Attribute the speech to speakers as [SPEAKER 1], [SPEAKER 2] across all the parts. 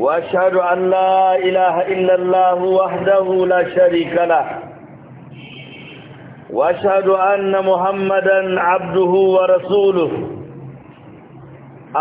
[SPEAKER 1] وأشهد أن لا إله إلا الله وحده لا شريك له وأشهد أن محمدا عبده ورسوله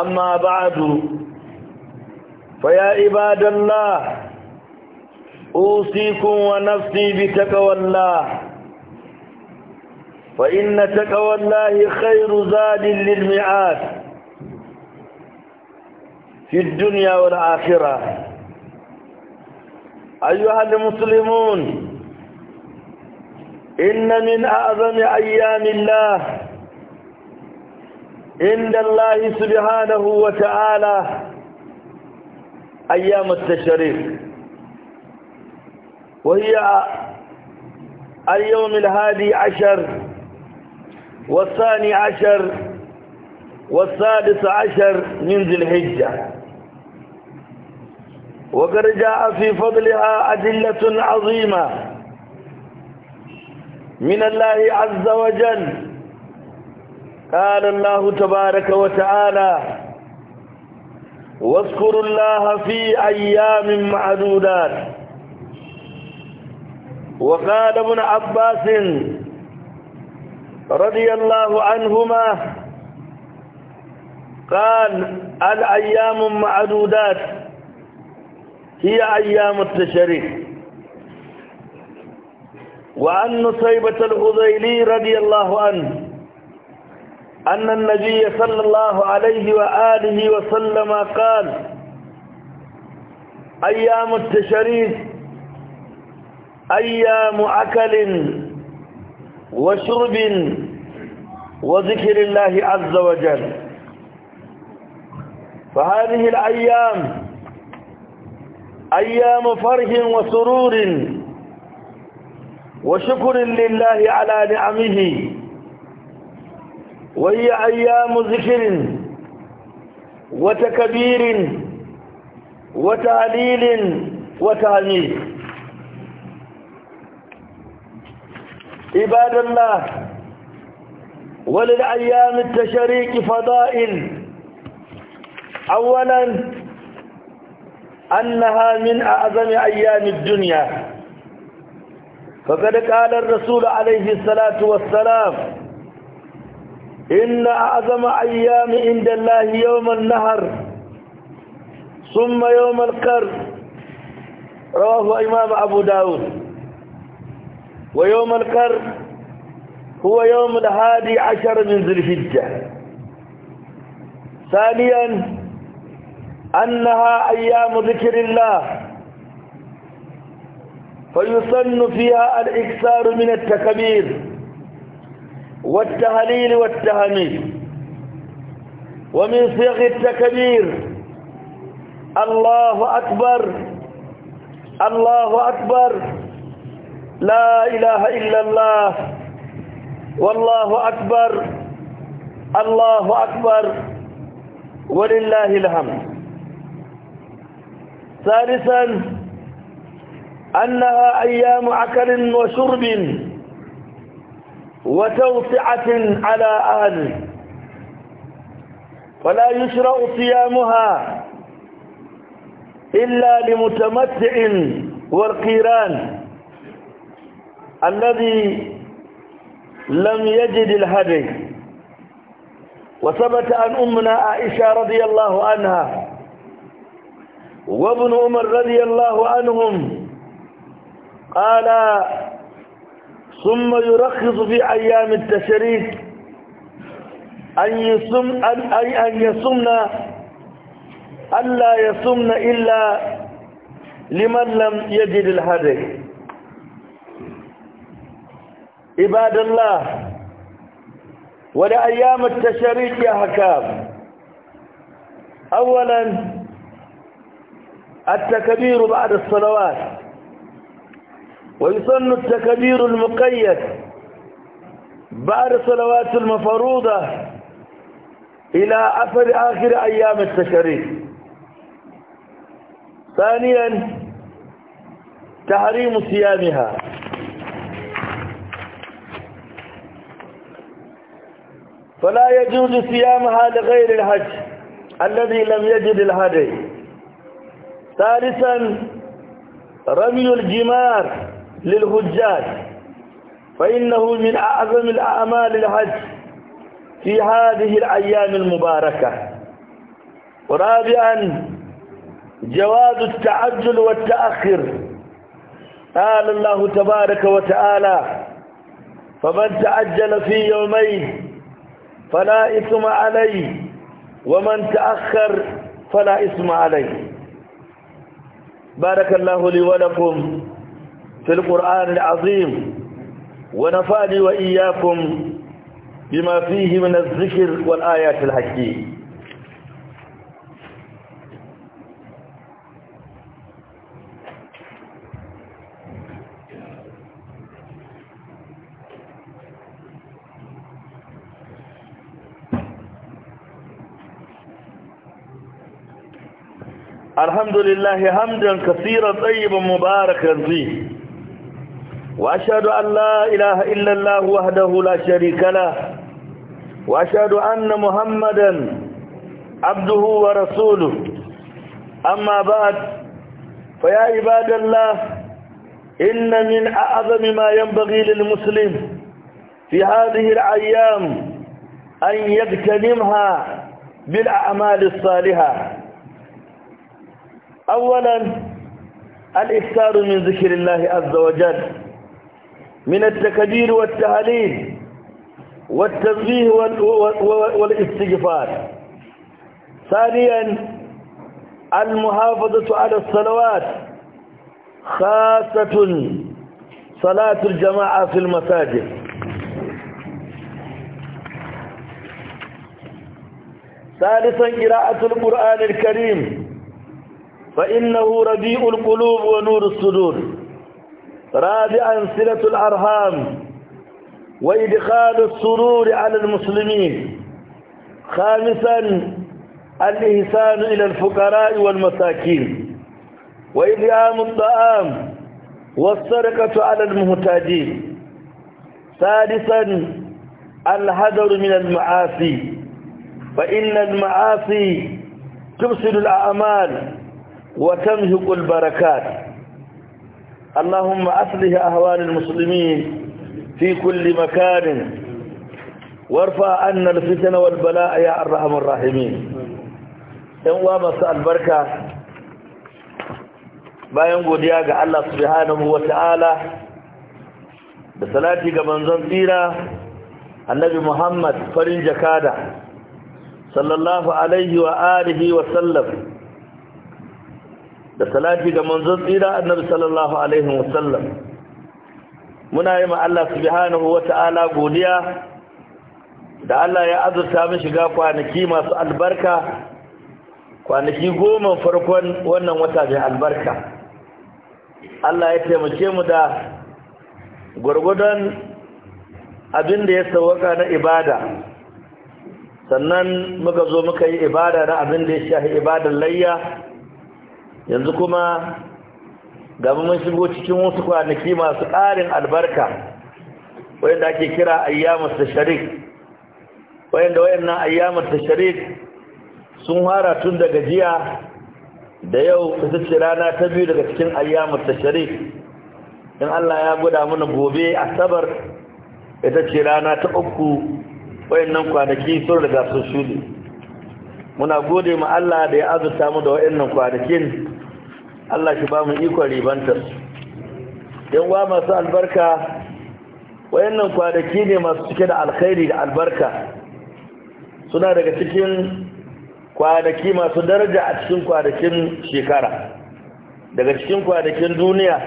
[SPEAKER 1] أما بعد فيا عباد الله أوصيكم ونفسي بتقوى الله فإن تقوى الله خير زاد للمعاد في الدنيا والآخرة أيها المسلمون إن من أعظم أيام الله عند الله سبحانه وتعالى أيام التشريق وهي اليوم الهادي عشر والثاني عشر والسادس عشر من ذي الحجة وقد جاء في فضلها أدلة عظيمة من الله عز وجل قال الله تبارك وتعالى واذكروا الله في أيام معدودات وقال ابن عباس رضي الله عنهما قال الأيام معدودات هي أيام التشريق وعن نصيبة الغزيلي رضي الله عنه أن النبي صلى الله عليه وآله وسلم قال أيام التشريق أيام أكل وشرب وذكر الله عز وجل فهذه الأيام أيام فرح وسرور وشكر لله على نعمه وهي أيام ذكر وتكبير وتعليل وتهنيد عباد الله وللأيام التشريك فضائل أولاً أنها من أعظم أيام الدنيا فقد قال الرسول عليه الصلاة والسلام إن أعظم أيام عند الله يوم النهر ثم يوم القر رواه إمام أبو داود ويوم القر هو يوم الهادي عشر من ذي الحجة ثانياً أنها أيام ذكر الله فيصن فيها الإكثار من التكبير والتهليل والتهميل ومن صيغ التكبير الله أكبر الله أكبر لا إله إلا الله والله أكبر الله أكبر ولله الحمد ثالثا أنها أيام عكر وشرب وتوسعة على أهل فلا يشرع صيامها إلا لمتمتع والقيران الذي لم يجد الهدي وثبت عن أمنا عائشة رضي الله عنها وابن عمر رضي الله عنهم قال ثم يرخص في أيام التشريك أن يصم أن أن يصمنا ألا يصمنا إلا لمن لم يجد الهدي عباد الله ولأيام التشريك حكام أولا التكبير بعد الصلوات ويسن التكبير المقيد بعد صلوات المفروضة إلى أثر آخر أيام التشريف ثانيا تحريم صيامها فلا يجوز صيامها لغير الحج الذي لم يجد الهدي ثالثا رمي الجمار للحجاج فإنه من أعظم الأعمال الحج في هذه الأيام المباركة ورابعا جواز التعجل والتأخر قال الله تبارك وتعالى فمن تعجل في يومين فلا إثم عليه ومن تأخر فلا إثم عليه بارك الله لي ولكم في القرآن العظيم ونفعني وإياكم بما فيه من الذكر والآيات الحكيم الحمد لله حمدا كثيرا طيبا مباركا فيه وأشهد أن لا إله إلا الله وحده لا شريك له وأشهد أن محمدا عبده ورسوله أما بعد فيا عباد الله إن من أعظم ما ينبغي للمسلم في هذه الأيام أن يغتنمها بالأعمال الصالحة أولا الإكثار من ذكر الله عز وجل من التكبير والتهليل والتنبيه والاستغفار ثانيا المحافظة على الصلوات خاصة صلاة الجماعة في المساجد ثالثا قراءة القرآن الكريم فإنه ربيع القلوب ونور الصدور رابعا صلة الأرحام وإدخال السرور على المسلمين خامسا الإحسان إلى الفقراء والمساكين وإدعام الطعام والسرقة على المهتاجين سادسا الحذر من المعاصي فإن المعاصي تفسد الأعمال وتمهق البركات اللهم أصلح أهوال المسلمين في كل مكان وارفع عنا الفتن والبلاء يا أرحم Yan إن masu البركة bayan godiya ga Allah subhanahu wata'ala da salati ga manzon tsira annabi Muhammad farin jakada sallallahu alaihi wa alihi wa sallam da salati ga manzon tsira annabi sallallahu alaihi wasallam muna yi ma Allah subhanahu wata'ala godiya da Allah ya azurta mu shiga kwanaki masu albarka kwanaki goma farkon wannan wata mai albarka Allah ya taimake mu da gwargwadon abin da ya sauka na ibada sannan muka zo muka yi ibada na abin da ya shafi ibadar layya yanzu kuma gaba mun shigo cikin wasu kwanaki masu ƙarin albarka wanda ake kira ayyamus tasharik wanda wayannan ayyamus tasharik sun fara tun daga jiya da yau ita ce rana ta biyu daga cikin ayyamus tasharik in Allah ya guda mana gobe asabar ita ce rana ta uku wayannan kwanaki sun riga sun shuɗe muna gode ma Allah da ya azurta mu da wayannan kwanakin Allah shi ba mu ikon ribantar yan masu albarka wayannan kwanaki ne masu cike da alkhairi da albarka suna daga cikin kwanaki masu daraja a cikin kwanakin shekara daga cikin kwanakin duniya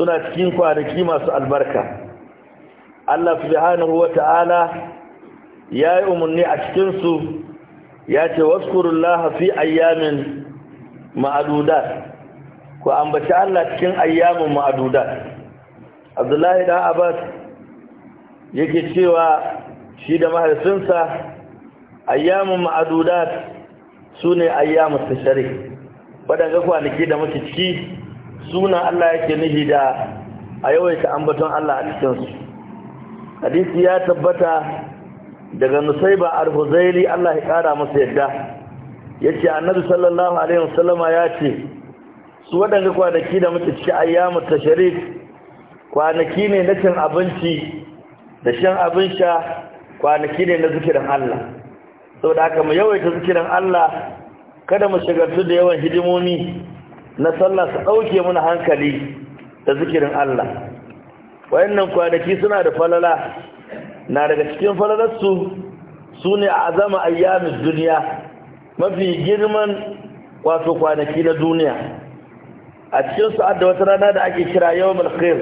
[SPEAKER 1] suna cikin kwanaki masu albarka Allah subhanahu wata'ala ya yi umarni a cikinsu ya ce waskurullaha fi ayyamin ma'adudar. ku ambaci Allah cikin ayyamin ma'aduda Abdullahi dan Abbas yake cewa shi da mahaifinsa ayyamin ma'adudat su ne ayyamin tashari waɗanda kwanaki da muke ciki suna Allah yake nihi da a yawaita ambaton Allah a cikinsu hadisi ya tabbata daga nusaiba al-huzaili Allah ya kara masa yadda yace annabi sallallahu alaihi wasallama ya ce su waɗanda kwanaki da muke ciki ayyamu ta sharif kwanaki ne na cin abinci da shan abin sha kwanaki ne na zikirin Allah saboda haka mu yawaita zikirin Allah kada mu shagartu da yawan hidimomi na sallah su ɗauke mana hankali da zikirin Allah wayannan kwanaki suna da falala na daga cikin falalarsu su ne a zama ayyamin duniya mafi girman wato kwanaki na duniya a cikin su da wata rana da ake kira yau malkhir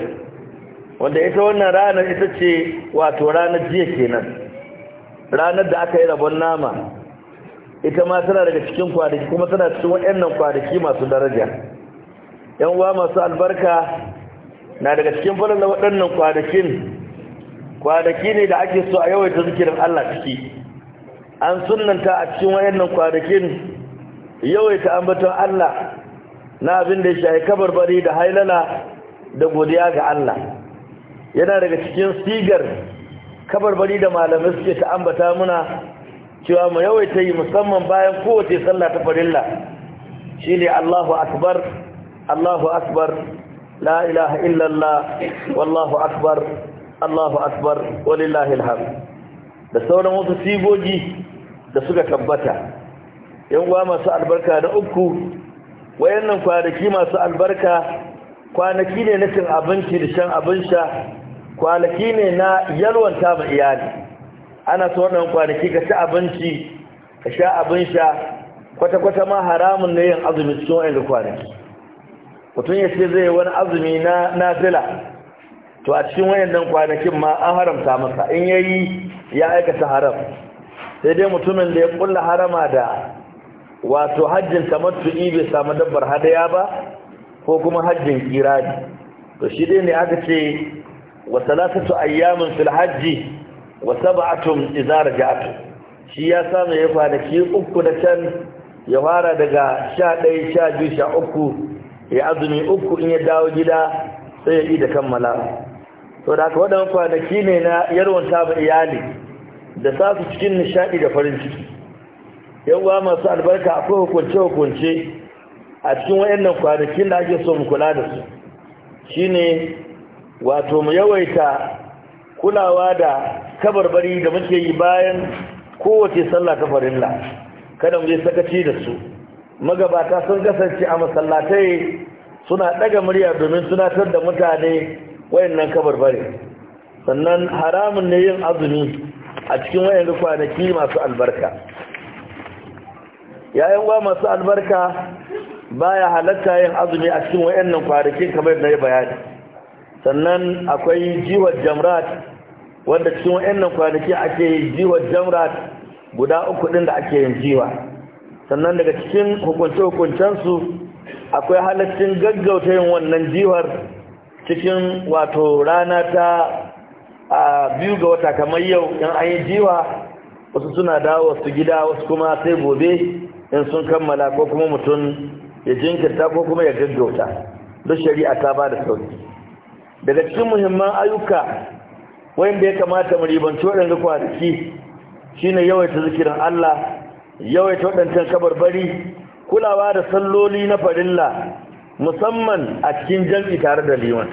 [SPEAKER 1] wanda ita wannan ranar ita ce wato ranar jiya kenan ranar da aka yi rabon nama ita ma tana daga cikin kwanaki kuma tana cikin waɗannan kwanaki masu daraja yan uwa masu albarka na daga cikin falalla waɗannan kwanakin kwanaki ne da ake so a yawaita zikirin Allah ciki an sunanta a cikin wayannan kwanakin yawaita ambaton Allah na abin da ya shayi kabarbari da hailala da godiya ga Allah yana daga cikin sigar kabarbari da malamai suke ta ambata muna cewa mu yawaita yi musamman bayan kowace sallah ta farilla shine Allahu akbar Allahu akbar la ilaha illallah wallahu akbar Allahu akbar walillahi alhamd da sauran wasu sigogi da suka tabbata yan uwa masu albarka da uku wayannan kwanaki masu albarka kwanaki ne na cin abinci da shan abin sha kwanaki ne na yalwanta ma iyali ana so wannan kwanaki ka ci abinci ka sha abin sha kwata-kwata ma haramun ne yin azumi cikin wa'in kwanaki mutum ya ce zai wani azumi na nafila to a cikin wayannan kwanakin ma an haramta masa in yayi ya aikata haram sai dai mutumin da ya kulla harama da wato hajjin tamattu'i bai samu dabbar hadaya ba ko kuma hajjin kirani to shi dai ne aka ce wa salasatu ayyamin fil hajji wa sab'atun idza raja'tu shi ya samu ya kwanaki uku da can ya fara daga 11 12 13 ya azumi uku in ya dawo gida sai ya yi da kammala to da waɗannan kwanaki ne na yarwanta ba iyali da safi cikin nishaɗi da farin ciki yawa masu albarka akwai hukunce-hukunce a cikin wayannan kwanakin da ake so mu kula da su shine wato mu yawaita kulawa da kabarbari da muke yi bayan kowace sallah ta farilla kada mu yi sakaci da su magabata sun kasance a masallatai suna ɗaga murya domin tunatar da mutane wayannan kabarbari sannan haramun ne yin azumi a cikin wayannan kwanaki masu albarka yayin wa masu albarka baya halatta yin azumi a cikin wayannan kwarikin kamar da ya bayani sannan akwai jihar jamrat wanda cikin wayannan kwanaki ake jihar jamrat guda uku din da ake yin jiwa sannan daga cikin hukunce hukuncensu su akwai halaccin gaggauta yin wannan jihar cikin wato rana ta a biyu ga wata kamar yau in an yi jiwa wasu suna dawo su gida wasu kuma sai gobe in sun kammala ko kuma mutum ya jinkirta ko kuma ya gaggauta duk shari'a ta ba da sauki daga cikin muhimman ayyuka wanda ya kamata mu ribanci waɗanda kwanaki shine yawaita zikirin Allah yawaita waɗancan kabarbari kulawa da salloli na farilla musamman a cikin jam'i tare da liman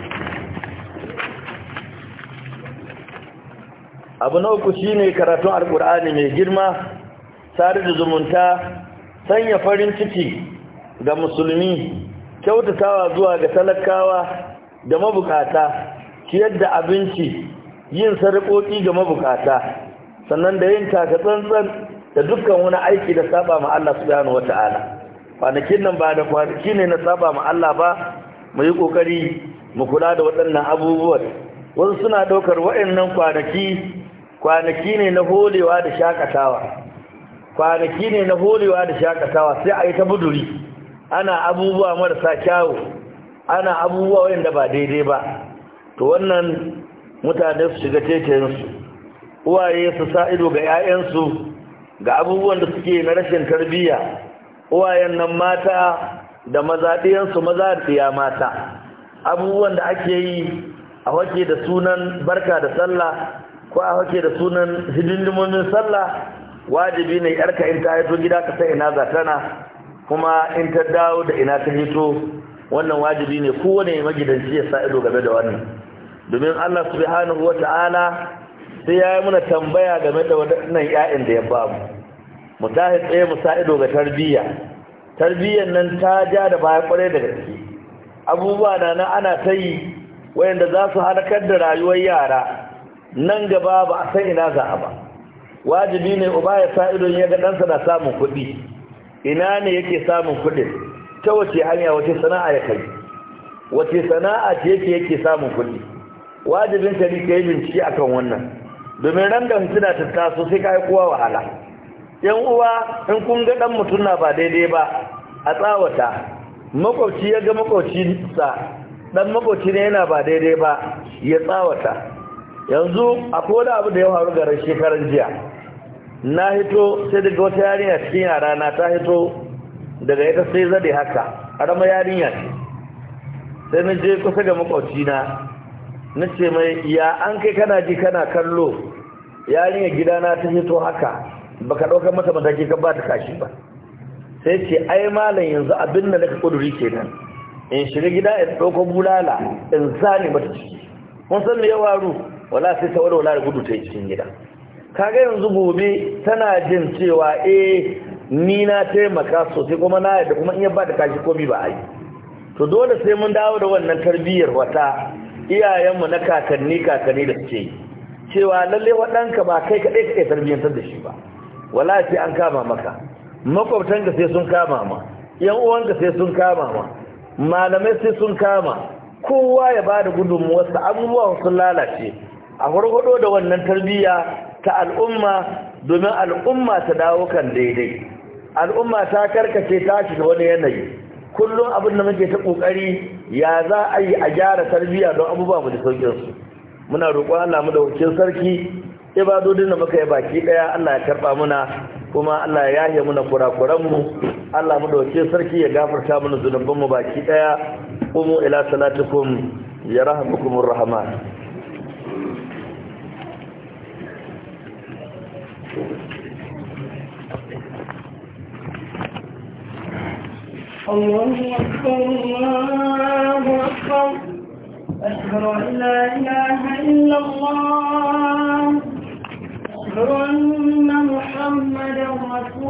[SPEAKER 1] abu na uku shine karatun alkur'ani mai girma tare da zumunta sanya farin ciki ga musulmi kyautatawa zuwa ga talakawa da mabukata ciyar da abinci yin sarƙoƙi ga mabukata sannan da yin taka-tsantsan da dukkan wani aiki da saba ma Allah subhanahu wata'ala kwanakin nan ba da kwanaki ne na saba ma Allah ba mu yi ƙoƙari mu kula da waɗannan abubuwan wasu suna ɗaukar waɗannan kwanaki kwanaki ne na holewa da shakatawa kwanaki ne na horewa da shakatawa sai a yi ta buduri ana abubuwa marasa kyawu ana abubuwa wadanda ba daidai ba to wannan mutane su shiga tetayensu uwaye su sa ido ga 'ya'yansu ga abubuwan da suke na rashin tarbiyya uwayen nan mata da mazaɗiyansu maza da tsiya mata abubuwan da ake yi a hake da sunan barka da sallah ko a hake da sunan hidindimomin sallah wajibi ne yarka in ta hito gida ka sai ina za tana kuma in ta dawo da ina ta hito wannan wajibi ne kowane magidanci ya sa ido game da wannan domin Allah subhanahu wata'ala sai ya yi muna tambaya game da waɗannan ƴaƴan da ya ba mu mu ta tsaye mu sa ido ga tarbiyya tarbiyyar nan ta ja da baya kwarai da gaske abubuwa na nan ana ta yi wayanda za su halakar da rayuwar yara nan gaba ba a san ina za a ba wajibi ne uba ya sa idon ya ga ɗansa na samun kuɗi ina ne yake samun kuɗin ta wace hanya wace sana'a ya kai wace sana'a ce yake yake samun kuɗi wajibin ka ne ka yi bincike akan wannan domin ran da mutuna ta so sai ka yi kowa wahala yan uwa in kun ga ɗan mutum na ba daidai ba a tsawata makwabci ya ga makwabcinsa ɗan makwabci ne yana ba daidai ba ya tsawata yanzu a koda abu da ya faru garin shekaran jiya na hito sai daga wata yarinya cikin yara na ta hito daga ita sai zade haka arama yarinya ce sai na je kusa ga makwacina na na ce mai ya an kai kana ji kana kallo yarinya gidana ta hito haka baka ɗaukar mata mataki ka ba ta kashi ba sai ce ai malam yanzu abin da naka kuduri kenan in shiga gida in ɗauko bulala in zane mata ciki kun san me ya waru wala sai ta wala da gudu ta yi cikin gida kaga yanzu gobe tana jin cewa eh ni na taimaka sosai kuma na yadda kuma in ya ba da kashi komi ba a yi to dole sai mun dawo da wannan tarbiyyar wata iyayenmu na kakanni kakanni da suke cewa lalle waɗanka ba kai kaɗai kaɗai tarbiyyantar da shi ba wala ce an kama maka makwabtanka sai sun kama ma yan uwanka sai sun kama ma malamai sai sun kama kowa ya ba da gudunmuwarsa abubuwa sun lalace a farfado da wannan tarbiyya ta al'umma domin al'umma ta dawo kan daidai al'umma ta karkace ta shiga wani yanayi kullum abin da muke ta kokari ya za a yi a gyara tarbiyya don abubuwa mu da sauƙinsu. su muna roƙon Allah mu da wakil sarki ibadodin da muka yi baki ɗaya, Allah ya karba muna kuma Allah ya yahe muna kurakuran mu Allah mu da wakil sarki ya gafarta mana zunuban baki ɗaya. umu ila ya yarhamukumur rahman الله أكبر الله أكبر أن لا إله إلا الله أشهد أن محمدا رسول